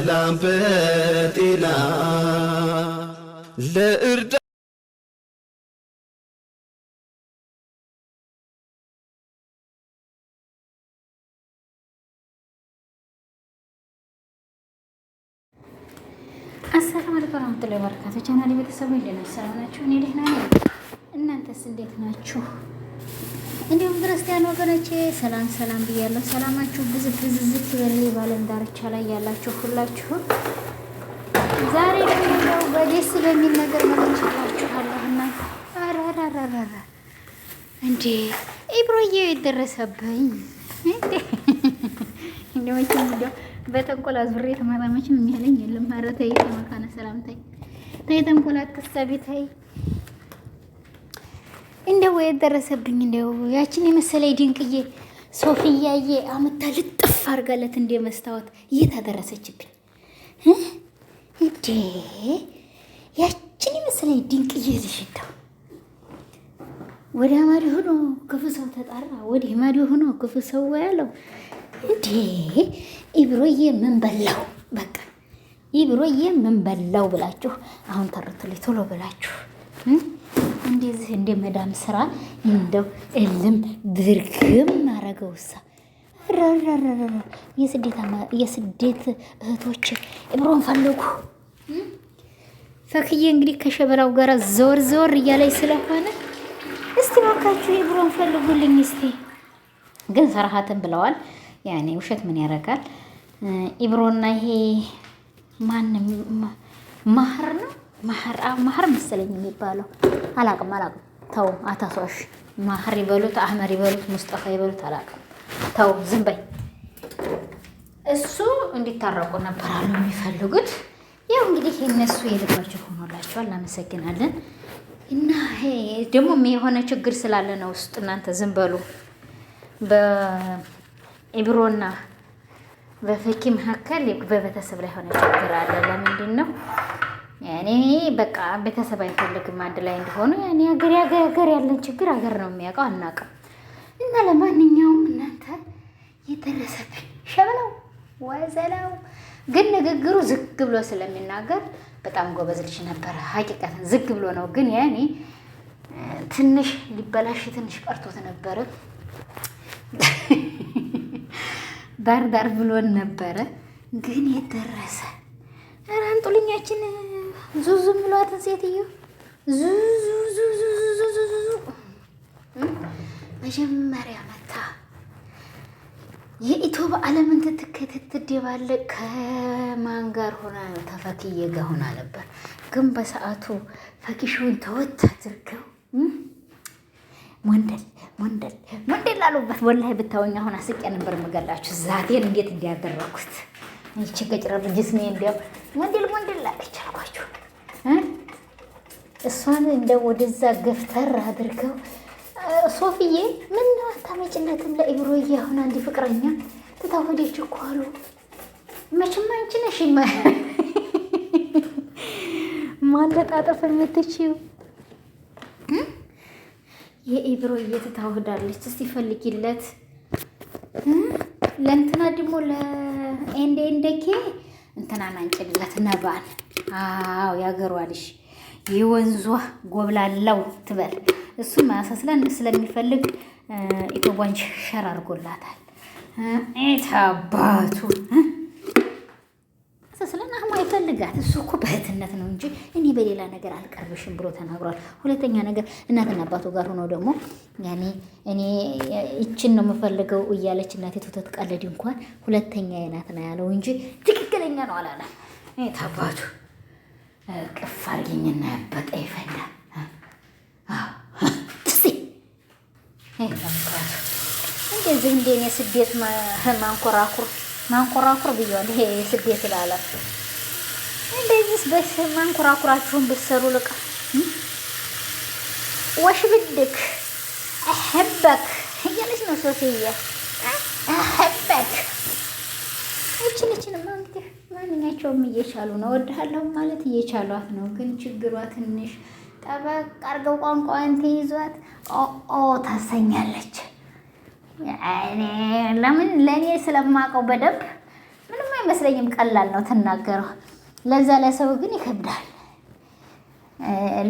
በሰላም በጤና ለእርዳ አሰላም አለይኩም ወራህመቱላሂ ወበረካቱሁ። ቻናል ቤተሰብ እንዴት ሰላም ናችሁ? እኔ ደህና ነኝ። እናንተስ እንዴት ናችሁ? እንዲሁም ክርስቲያን ወገኖቼ ሰላም ሰላም ብያለሁ። ሰላማችሁ ብዝ ብዝዝት ይበል ባለም ዳርቻ ላይ ያላችሁ ሁላችሁም። ዛሬ ደግሞ በደስ በሚል ነገር መለችላችኋለሁና አራራራራ እንዴ ኢብሮዬ የደረሰብኝ እንዴ እንደወጭም እንደው በተንኮል አዙሬ ተማራመችም የሚያለኝ የለም። ኧረ ተይ ተመካነ ሰላም ተይ ተይ ተንኮል አትሳቢ ተይ እንደው የደረሰብኝ እንደው ያችን የመሰለ ድንቅዬ ሶፊያዬ አመታ ልጥፍ አርጋለት እንደ መስታወት እየታደረሰችብኝ እንዴ! ያችን የመሰለ ድንቅዬ ዝሽታው ወዲያ ማዲ ሆኖ ክፉ ሰው ተጣራ፣ ወዲህ ማዲ ሆኖ ክፉ ሰው ያለው እንዴ! ኢብሮዬ ምን በላው? በቃ ኢብሮዬ ምን በላው ብላችሁ አሁን ተርቱልኝ ቶሎ ብላችሁ እንደዚህ እንደ መዳም ስራ እንደው እልም ድርግም ብርግም አረገውሳ። የስደት እህቶች እብሮን ፈለጉ። ፈክዬ እንግዲህ ከሸበላው ጋር ዘወር ዘወር እያለች ስለሆነ እስቲ ባካችሁ እብሮን ፈልጉልኝ እስቲ። ግን ፈርሃትን ብለዋል። ያኔ ውሸት ምን ያደርጋል? ኢብሮና ይሄ ማን ማህር ነው ማህር መሰለኝ የሚባለው አላቅም አላቅም። ተው አታሷሽ። ማህር ይበሉት አህመር ይበሉት ሙስጠፋ ይበሉት አላቅም። ተው ዝም በይ። እሱ እንዲታረቁ ነበር አሉ የሚፈልጉት። ያው እንግዲህ የነሱ የልባቸው ሆኖላቸዋል። እናመሰግናለን። እና ደግሞ የሆነ ችግር ስላለ ነው ውስጥ እናንተ ዝም በሉ። በኢብሮና በፈኪ መካከል በቤተሰብ ላይ የሆነ ችግር አለ። ለምንድን ነው ያኔ በቃ ቤተሰብ አይፈልግም አንድ ላይ እንደሆኑ። ያኔ ሀገር ሀገር ያለን ችግር ሀገር ነው የሚያውቀው፣ አናውቅም። እና ለማንኛውም እናንተ የደረሰብኝ ሸብ ነው ወዘላው ግን ንግግሩ ዝግ ብሎ ስለሚናገር በጣም ጎበዝ ልጅ ነበረ። ሀቂቀትን ዝግ ብሎ ነው ግን ያኔ ትንሽ ሊበላሽ ትንሽ ቀርቶት ነበረ። ዳር ዳር ብሎን ነበረ ግን የደረሰ ራንጡልኛችን ዙዙ ብሏትን ሴትዮ ዙዙዙዙዙዙዙ መጀመሪያ መታ የኢትዮብ ዓለምን ትትደባለቅ ከማን ጋር ሆና ነው? ተፈክዬ ጋር ሆና ነበር። ግን በሰዓቱ ፈኪሽውን ተወት አድርገው ወንደል ወንደል ወንደል አሉበት። ወላሂ ብታወኝ አሁን አስቄ ነበር የምገላችሁ ዛቴን እንዴት እንዲያደረኩት ይቺ ገጭረር ጅስሜ እንዲያ ወንደል ወንደል አለች አልኳችሁ። እሷን እንደ ወደዛ ገፍተር አድርገው ሶፍዬ ምን አታመጭለትም ለኢብሮዬ እያሁን አንድ ፍቅረኛ ትታወደች እኮ አሉ። መቼም አንቺ ነሽ ማለጣጠፍ የምትችይው የኢብሮዬ እየትታወዳለች እስቲ ፈልጊለት ለእንትና ደግሞ ለኤንዴንደኬ እንትናን ናንጭለት ነባል አዎ ያገሯ ልሽ የወንዟ ጎብላላው ትበል። እሱም ማሳስለን ስለሚፈልግ ኢትዮቧንች ሸር አድርጎላታል። ኤታባቱ ማሳስለን አህማ ይፈልጋት። እሱ እኮ በእህትነት ነው እንጂ እኔ በሌላ ነገር አልቀርብሽም ብሎ ተናግሯል። ሁለተኛ ነገር እናትና አባቱ ጋር ሆኖ ደግሞ ያኔ እኔ ይችን ነው የምፈልገው እያለች እናቴ ትውተት ቀለድ እንኳን ሁለተኛ የናት ነው ያለው እንጂ ትክክለኛ ነው አላለም። ኤታባቱ ቅፍ አድርጊኝና ያበጠ ይፈና እንደዚህ እንደኔ ስደት ማንኮራኩር ማንኮራኩር ብያል። ይሄ የስደት ላለ እንደዚህ በስ ማንኮራኩራችሁን ብትሰሩ ልቅ ወሽብድክ አሕበክ እያለች ነው ሶፊያ አሕበክ እችን እችንማ እንግዲህ ማንኛቸውም እየቻሉ ነው እወድሃለሁ ማለት እየቻሏት ነው። ግን ችግሯ ትንሽ ጠበቅ አርገው ቋንቋን ተይዟት ኦ ታሰኛለች። ለምን ለእኔ ስለማውቀው በደንብ ምንም አይመስለኝም። ቀላል ነው ትናገረው። ለዛ ለሰው ግን ይከብዳል።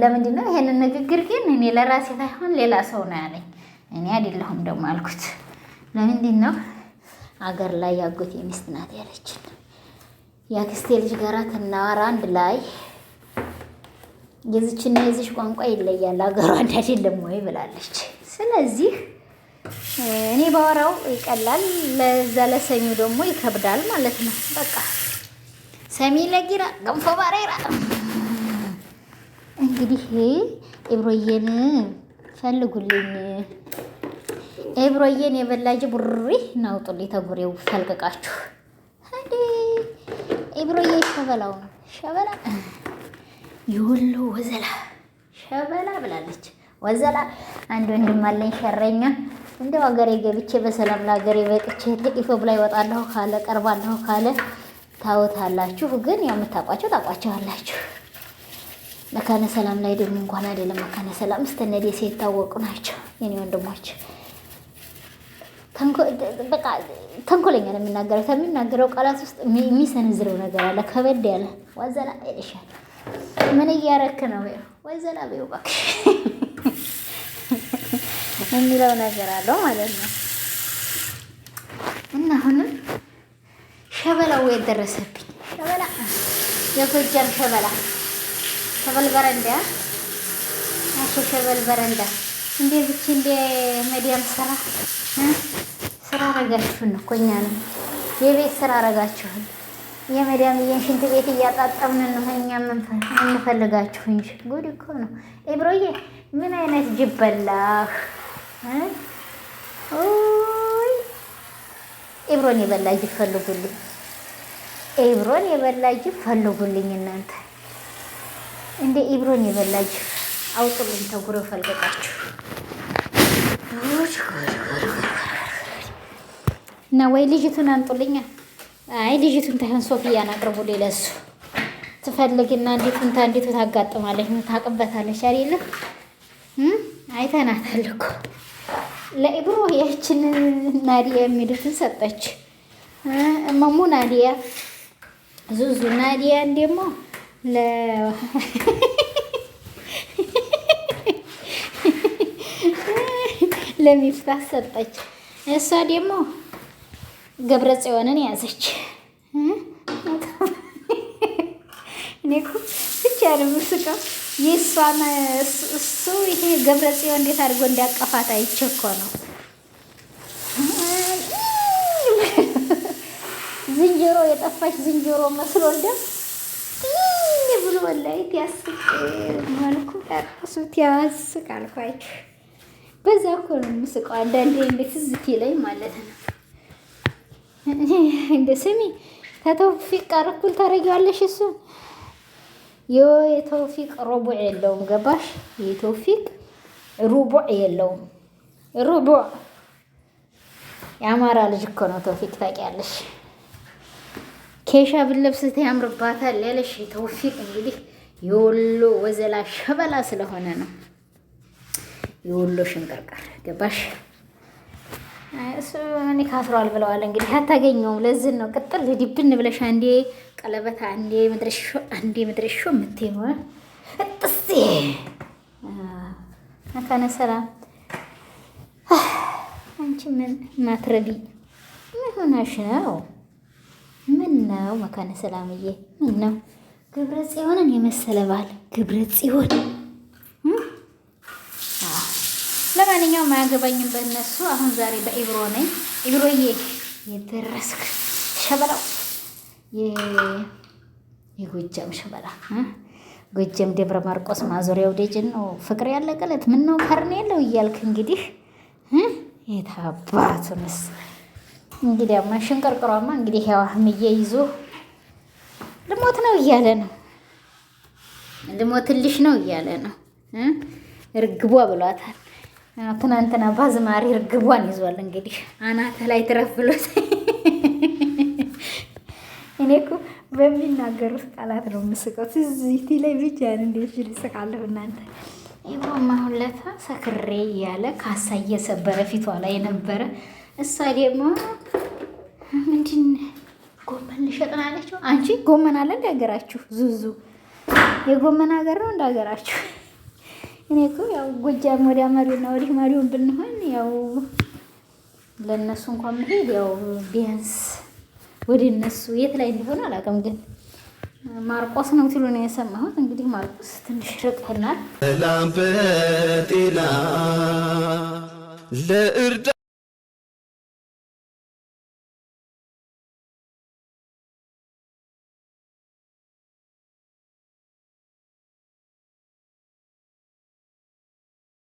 ለምንድን ነው ይሄንን ንግግር ግን እኔ ለራሴ ሳይሆን ሌላ ሰው ነው ያለኝ። እኔ አይደለሁም ደግሞ አልኩት። ለምንድን ነው አገር ላይ ያጎት ሚስት ናት ያለችን የአክስቴ ልጅ ጋራ ትናወራ አንድ ላይ የዚችና የዚች ቋንቋ ይለያል፣ አገሩ አንድ አይደለም ወይ ብላለች። ስለዚህ እኔ ባወራው ይቀላል፣ ለዛ ለሰሚው ደግሞ ይከብዳል ማለት ነው። በቃ ሰሚ ለጊራ ገንፎ ባሬራ እንግዲህ ኤብሮዬን ፈልጉልኝ። ኤብሮዬን የበላጅ ቡሪ ናውጡልኝ፣ ተጉሬው ፈልቅቃችሁ ኢብሮዬ ሸበላውን ሸበላ የወሎ ወዘላ ሸበላ ብላለች። ወዘላ አንድ ወንድም አለኝ ሸረኛ። እንደው ሀገሬ ገብቼ በሰላም ለሀገሬ በቅቼ ጥቂፎብ ላይ ወጣለሁ ካለ ቀርባለሁ ካለ ታውታላችሁ ግን ያው የምታውቋቸው ታውቋቸዋላችሁ። መካነ ሰላም ላይ ደግሞ እንኳን አይደለም መካነ ሰላም እስተነዴ ሴት ታወቁ ናቸው የኔ ወንድሞች። በቃ ተንኮለኛ ነው የሚናገረው። ከሚናገረው ቃላት ውስጥ የሚሰነዝረው ነገር አለ፣ ከበድ ያለ ዋዘላ ይልሻል። ምን እያረክ ነው ዋዘላ ቤው እባክሽ የሚለው ነገር አለው ማለት ነው። እና አሁንም ሸበላው የደረሰብኝ ሸበላ፣ የጎጃም ሸበላ፣ ሸበል በረንዳ፣ ሸበል በረንዳ እንዴ ብቻ እንደ መዲያም ሰራ ስራ አረጋችሁን እኮ ነው የቤት ስራ አረጋችሁን። የመዳምዬን ሽንት ቤት እያጣጠምን ነው እኛ እንፈልጋችሁ እንጂ ጉድ እኮ ነው። ኤብሮዬ ምን አይነት ጅብ በላህ? ኢብሮን የበላ ጅብ ፈልጉልኝ። ኢብሮን የበላ ጅብ ፈልጉልኝ። እናንተ እንደ ኢብሮን የበላ ጅብ አውጡልኝ፣ ተጉረው ፈልገጣችሁ እና ወይ ልጅቱን አንጡልኛ። አይ ልጅቱን ታይሆን ሶፊያን አቅርቡ። ሌለሱ ትፈልግና እንዴት እንታ እንዴት ታጋጥማለች ታቅበታለች አይደለ? አይተናታል እኮ ለኢብሮ ያችን ናዲያ የሚሉትን ሰጠች። እመሙ ናዲያ፣ ዙዙ ናዲያ ደግሞ ለ ለሚፍታህ ሰጠች። እሷ ደግሞ ገብረ ጽዮንን ያዘች። እኔ እኮ ብቻ ነው የምስቀው። የእሷን እሱ ይሄ ገብረ ጽዮን እንዴት አድርጎ እንዲያቀፋት አይቼ እኮ ነው። ዝንጀሮ የጠፋች ዝንጀሮ መስሎ እንደ ብሎ ወላይት ያስቅ መልኩ ያስቅ ያስቃል። በዛ እኮ ነው የምስቀው አንዳንዴ ትዝ ሲለኝ ማለት ነው። እንደ ስሚ ከተውፊቅ ጋር እኩል ታደርጊዋለሽ። እሱን የተውፊቅ ሩቡዕ የለውም ገባሽ? የተውፊቅ ሩቡዕ የለውም። ሩቡዕ የአማራ ልጅ እኮ ነው ተውፊቅ ታውቂያለሽ። ኬሻ ብለብስት ያምርባታል ያለሽ የተውፊቅ እንግዲህ የወሎ ወዘላ ሸበላ ስለሆነ ነው። የወሎ ሽንቅርቅር ገባሽ? እሱ እኔ ካስሯል ብለዋል። እንግዲህ አታገኘውም። ለዝን ነው ቅጥል ድብን ብለሽ አንዴ ቀለበት አንዴ መድረሾ አንዴ መድረሾ የምትይው ጥሴ አካነ ሰላም አንቺ ምን ማትረቢ ምን ሆነሽ ነው? ምን ነው መካነ ሰላምዬ፣ ምን ነው ግብረ ጽዮንን የመሰለ ባል ግብረ ጽዮን ለማንኛውም አያገባኝም በእነሱ። አሁን ዛሬ በኢብሮ ነኝ። ኢብሮዬ የደረስክ ሸበላው የጎጃም ሸበላ ጎጃም ደብረ ማርቆስ ማዞሪያው ደጅን ነው ፍቅር ያለቀለት ምን ነው ከርኔ የለው እያልክ እንግዲህ የታባቱንስ ማ ሽንቅርቅሯማ እንግዲህ ያው አህምዬ ይዞ ልሞት ነው እያለ ነው ልሞትልሽ ነው እያለ ነው እርግቧ ብሏታል። ትናንትና ባዝማሪ እርግቧን ይዟል። እንግዲህ አናተ ላይ ትረፍ ብሎት እኔ እኮ በሚናገሩት ቃላት ነው የምስቀው። ትዝቲ ላይ ብቻ እንዴት ልስቃለሁ እናንተ። ይሁማ ሁለታ ሰክሬ እያለ ካሳ እየሰበረ ፊቷ ላይ የነበረ እሷ ደግሞ ምንድን ጎመን ልሸጥን አለችው። አንቺ ጎመን አለ እንደ ሀገራችሁ ዙዙ የጎመን ሀገር ነው እንደ ሀገራችሁ እኔ እኮ ያው ጎጃም ወዲያ መሪውና ወዲህ መሪውን ብንሆን ያው ለእነሱ እንኳን መሄድ ያው ቢያንስ ወደ እነሱ የት ላይ እንደሆነ አላውቅም፣ ግን ማርቆስ ነው ትሉ ነው የሰማሁት። እንግዲህ ማርቆስ ትንሽ ርቀናል።